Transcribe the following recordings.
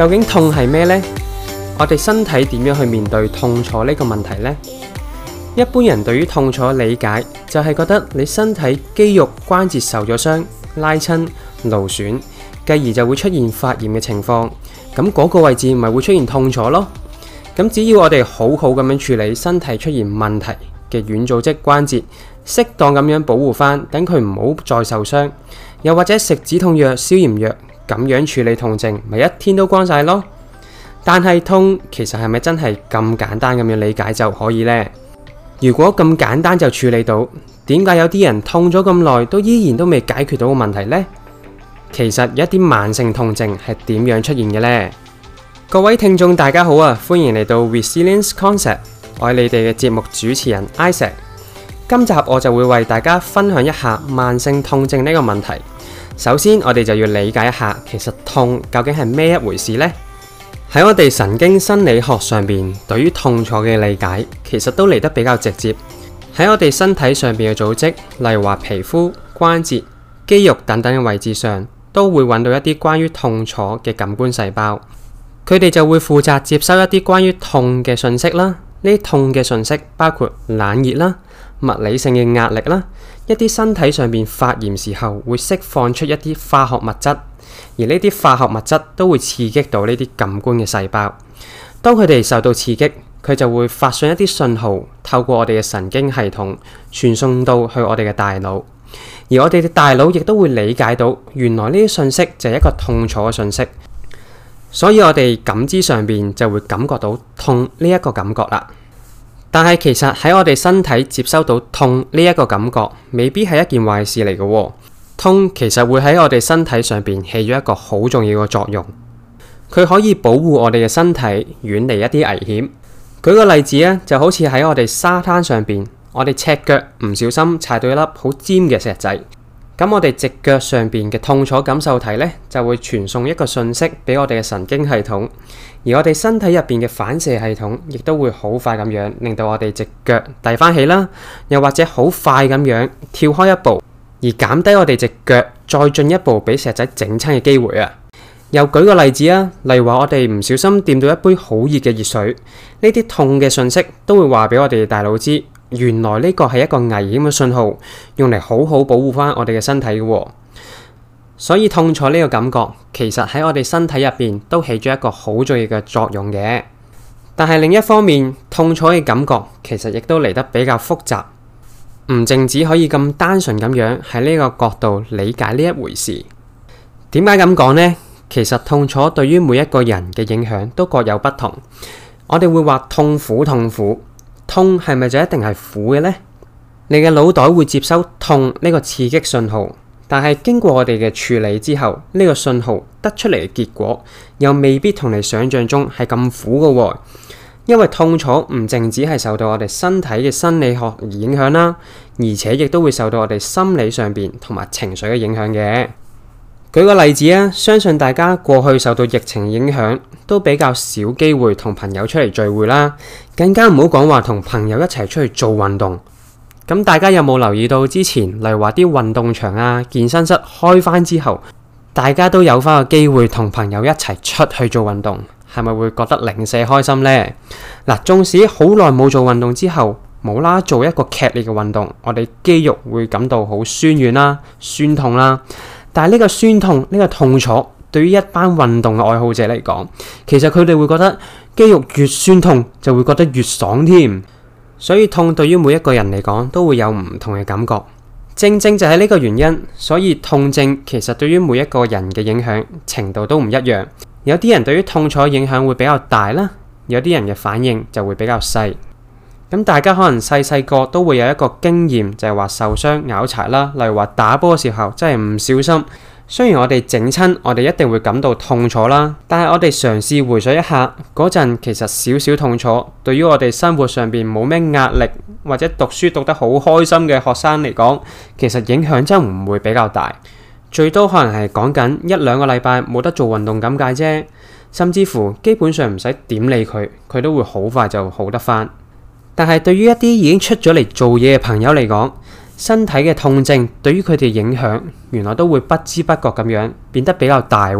究竟痛係咩呢？我哋身體點樣去面對痛楚呢個問題呢？一般人對於痛楚嘅理解就係覺得你身體肌肉關節受咗傷、拉親、勞損，繼而就會出現發炎嘅情況。咁嗰個位置咪會出現痛楚咯。咁只要我哋好好咁樣處理身體出現問題嘅軟組織關節，適當咁樣保護翻，等佢唔好再受傷，又或者食止痛藥、消炎藥。咁樣處理痛症咪一天都光晒咯，但係痛其實係咪真係咁簡單咁樣理解就可以呢？如果咁簡單就處理到，點解有啲人痛咗咁耐都依然都未解決到個問題呢？其實一啲慢性痛症係點樣出現嘅呢？各位聽眾大家好啊，歡迎嚟到 Resilience Concept，我係你哋嘅節目主持人 Isaac，今集我就會為大家分享一下慢性痛症呢個問題。首先，我哋就要理解一下，其實痛究竟係咩一回事呢？喺我哋神經生理學上邊，對於痛楚嘅理解，其實都嚟得比較直接。喺我哋身體上邊嘅組織，例如話皮膚、關節、肌肉等等嘅位置上，都會揾到一啲關於痛楚嘅感官細胞，佢哋就會負責接收一啲關於痛嘅信息啦。呢啲痛嘅信息包括冷熱啦、物理性嘅壓力啦。一啲身體上面發炎時候會釋放出一啲化學物質，而呢啲化學物質都會刺激到呢啲感官嘅細胞。當佢哋受到刺激，佢就會發送一啲信號，透過我哋嘅神經系統傳送到去我哋嘅大腦。而我哋嘅大腦亦都會理解到，原來呢啲信息就係一個痛楚嘅信息，所以我哋感知上邊就會感覺到痛呢一個感覺啦。但係其實喺我哋身體接收到痛呢一個感覺，未必係一件壞事嚟嘅哦。痛其實會喺我哋身體上邊起咗一個好重要嘅作用，佢可以保護我哋嘅身體，遠離一啲危險。舉個例子咧，就好似喺我哋沙灘上邊，我哋赤腳唔小心踩到一粒好尖嘅石仔。咁我哋隻腳上邊嘅痛楚感受體呢，就會傳送一個訊息俾我哋嘅神經系統，而我哋身體入邊嘅反射系統亦都會好快咁樣，令到我哋隻腳遞翻起啦，又或者好快咁樣跳開一步，而減低我哋隻腳再進一步俾石仔整親嘅機會啊！又舉個例子啊，例如話我哋唔小心掂到一杯好熱嘅熱水，呢啲痛嘅訊息都會話俾我哋大腦知。原來呢個係一個危險嘅信號，用嚟好好保護翻我哋嘅身體嘅，哦。所以痛楚呢個感覺，其實喺我哋身體入邊都起咗一個好重要嘅作用嘅。但係另一方面，痛楚嘅感覺其實亦都嚟得比較複雜，唔淨只可以咁單純咁樣喺呢個角度理解呢一回事。點解咁講呢？其實痛楚對於每一個人嘅影響都各有不同。我哋會話痛、痛苦，痛苦。痛係咪就一定係苦嘅呢？你嘅腦袋會接收痛呢個刺激信號，但係經過我哋嘅處理之後，呢個信號得出嚟嘅結果又未必同你想象中係咁苦㗎喎。因為痛楚唔淨止係受到我哋身體嘅生理學而影響啦，而且亦都會受到我哋心理上面同埋情緒嘅影響嘅。舉個例子啊，相信大家過去受到疫情影響，都比較少機會同朋友出嚟聚會啦，更加唔好講話同朋友一齊出去做運動。咁大家有冇留意到之前，例如話啲運動場啊、健身室開翻之後，大家都有翻個機會同朋友一齊出去做運動，係咪會覺得零舍開心呢？嗱，縱使好耐冇做運動之後，冇啦做一個劇烈嘅運動，我哋肌肉會感到好酸軟啦、啊、酸痛啦、啊。但係呢個酸痛，呢個痛楚，對於一班運動嘅愛好者嚟講，其實佢哋會覺得肌肉越酸痛就會覺得越爽添。所以痛對於每一個人嚟講都會有唔同嘅感覺。正正就係呢個原因，所以痛症其實對於每一個人嘅影響程度都唔一樣。有啲人對於痛楚嘅影響會比較大啦，有啲人嘅反應就會比較細。咁大家可能細細個都會有一個經驗，就係話受傷拗柴啦，例如話打波嘅時候真係唔小心。雖然我哋整親，我哋一定會感到痛楚啦，但係我哋嘗試回想一下嗰陣，其實少少痛楚對於我哋生活上面冇咩壓力或者讀書讀得好開心嘅學生嚟講，其實影響真唔會比較大。最多可能係講緊一兩個禮拜冇得做運動咁解啫，甚至乎基本上唔使點理佢，佢都會好快就好得返。但係，對於一啲已經出咗嚟做嘢嘅朋友嚟講，身體嘅痛症對於佢哋影響，原來都會不知不覺咁樣變得比較大。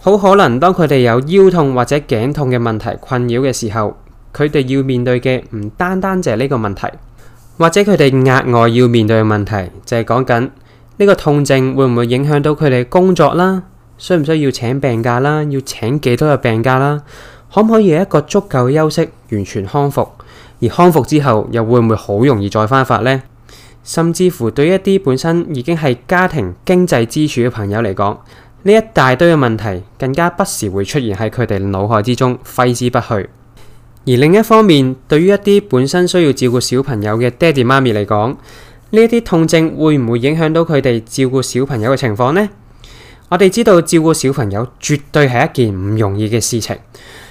好可能當佢哋有腰痛或者頸痛嘅問題困擾嘅時候，佢哋要面對嘅唔單單就係呢個問題，或者佢哋額外要面對嘅問題就係講緊呢個痛症會唔會影響到佢哋工作啦？需唔需要請病假啦？要請幾多個病假啦？可唔可以有一個足夠休息，完全康復？而康復之後又會唔會好容易再翻發呢？甚至乎對一啲本身已經係家庭經濟支柱嘅朋友嚟講，呢一大堆嘅問題更加不時會出現喺佢哋腦海之中，揮之不去。而另一方面，對於一啲本身需要照顧小朋友嘅爹哋媽咪嚟講，呢一啲痛症會唔會影響到佢哋照顧小朋友嘅情況呢？我哋知道照顧小朋友絕對係一件唔容易嘅事情。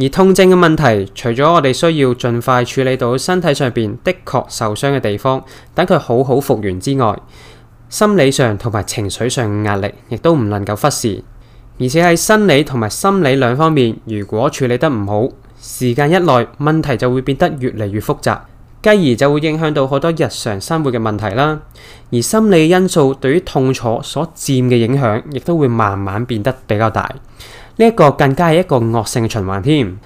而痛症嘅問題，除咗我哋需要盡快處理到身體上邊的確受傷嘅地方，等佢好好復原之外，心理上同埋情緒上嘅壓力，亦都唔能夠忽視。而且喺生理同埋心理兩方面，如果處理得唔好，時間一耐，問題就會變得越嚟越複雜，繼而就會影響到好多日常生活嘅問題啦。而心理因素對於痛楚所佔嘅影響，亦都會慢慢變得比較大。呢一個更加係一個惡性循環添。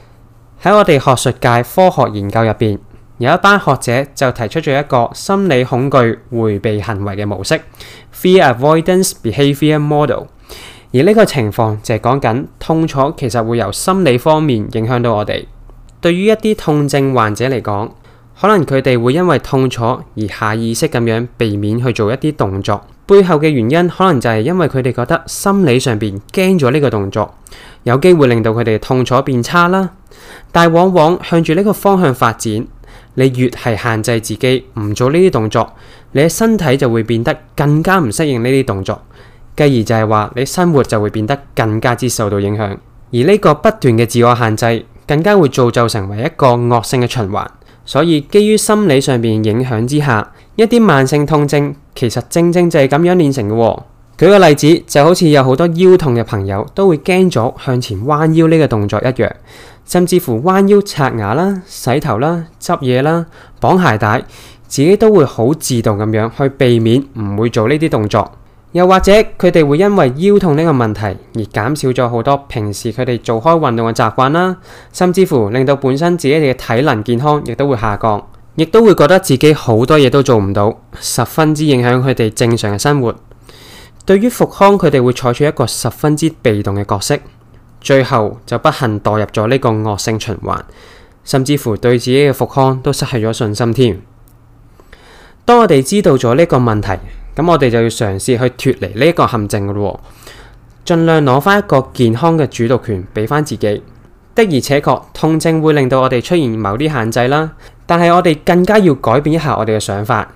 喺我哋學術界科學研究入邊，有一班學者就提出咗一個心理恐懼迴避行為嘅模式 （Fear Avoidance Behavior Model）。而呢個情況就係講緊痛楚其實會由心理方面影響到我哋。對於一啲痛症患者嚟講，可能佢哋會因為痛楚而下意識咁樣避免去做一啲動作。背後嘅原因可能就係因為佢哋覺得心理上面驚咗呢個動作，有機會令到佢哋痛楚變差啦。但往往向住呢個方向發展，你越係限制自己唔做呢啲動作，你嘅身體就會變得更加唔適應呢啲動作，繼而就係話你生活就會變得更加之受到影響。而呢個不斷嘅自我限制，更加會造就成為一個惡性嘅循環。所以基於心理上面影響之下，一啲慢性痛症。其實正正就係咁樣練成嘅喎。舉個例子，就好似有好多腰痛嘅朋友都會驚咗向前彎腰呢個動作一樣，甚至乎彎腰刷牙啦、洗頭啦、執嘢啦、綁鞋帶，自己都會好自動咁樣去避免，唔會做呢啲動作。又或者佢哋會因為腰痛呢個問題而減少咗好多平時佢哋做開運動嘅習慣啦，甚至乎令到本身自己嘅體能健康亦都會下降。亦都會覺得自己好多嘢都做唔到，十分之影響佢哋正常嘅生活。對於復康，佢哋會採取一個十分之被動嘅角色，最後就不幸墮入咗呢個惡性循環，甚至乎對自己嘅復康都失去咗信心添。當我哋知道咗呢個問題，咁我哋就要嘗試去脫離呢個陷阱噶咯，盡量攞翻一個健康嘅主導權俾翻自己。的而且確，痛症會令到我哋出現某啲限制啦。但係我哋更加要改變一下我哋嘅想法，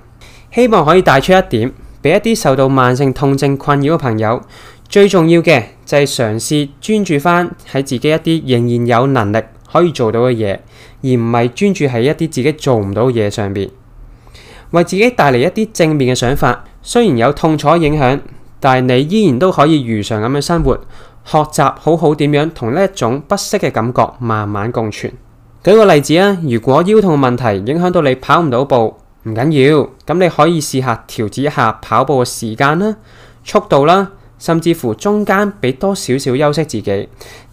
希望可以帶出一點，俾一啲受到慢性痛症困擾嘅朋友，最重要嘅就係嘗試專注返喺自己一啲仍然有能力可以做到嘅嘢，而唔係專注喺一啲自己做唔到嘅嘢上面，為自己帶嚟一啲正面嘅想法。雖然有痛楚影響，但係你依然都可以如常咁樣生活、學習，好好點樣同呢一種不適嘅感覺慢慢共存。舉個例子啊，如果腰痛嘅問題影響到你跑唔到步，唔緊要，咁你可以試下調節一下跑步嘅時間啦、速度啦，甚至乎中間俾多少少休息自己，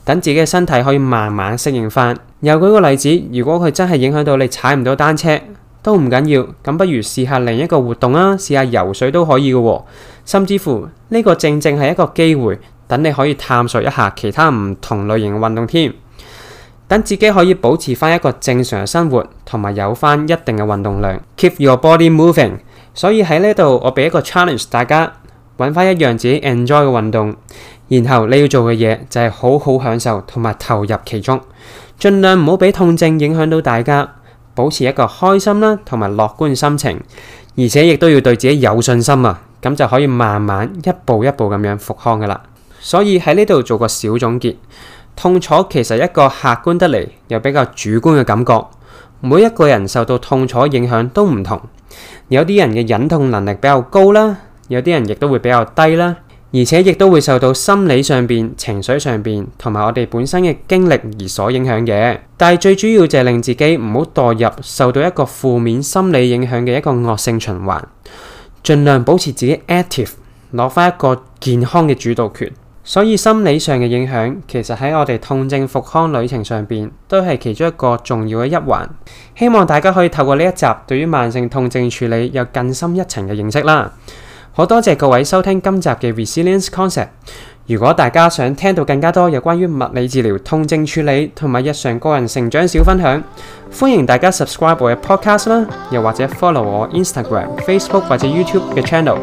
等自己嘅身體可以慢慢適應翻。又舉個例子，如果佢真係影響到你踩唔到單車，都唔緊要，咁不如試下另一個活動啦，試下游水都可以嘅喎，哦，甚至乎呢個正正係一個機會，等你可以探索一下其他唔同類型嘅運動添。等自己可以保持翻一個正常嘅生活，同埋有翻一定嘅運動量，keep your body moving。所以喺呢度，我俾一個 challenge 大家，揾翻一樣自己 enjoy 嘅運動，然後你要做嘅嘢就係好好享受，同埋投入其中，盡量唔好俾痛症影響到大家，保持一個開心啦，同埋樂觀心情，而且亦都要對自己有信心啊，咁就可以慢慢一步一步咁樣復康噶啦。所以喺呢度做個小總結。痛楚其實一個客觀得嚟，又比較主觀嘅感覺。每一個人受到痛楚影響都唔同，有啲人嘅忍痛能力比較高啦，有啲人亦都會比較低啦，而且亦都會受到心理上面、情緒上面同埋我哋本身嘅經歷而所影響嘅。但係最主要就係令自己唔好墮入受到一個負面心理影響嘅一個惡性循環，盡量保持自己 active，攞返一個健康嘅主導權。所以心理上嘅影響，其實喺我哋痛症復康旅程上邊，都係其中一個重要嘅一環。希望大家可以透過呢一集，對於慢性痛症處理有更深一層嘅認識啦。好多謝各位收聽今集嘅 Resilience Concept。如果大家想聽到更加多有關於物理治療、痛症處理同埋日常個人成長小分享，歡迎大家 subscribe 我嘅 Podcast 啦，又或者 follow 我 Instagram、Facebook 或者 YouTube 嘅 channel。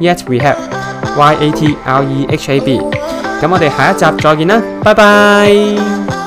Yet we have。Y A T L E H A B，咁我哋下一集再見啦，拜拜。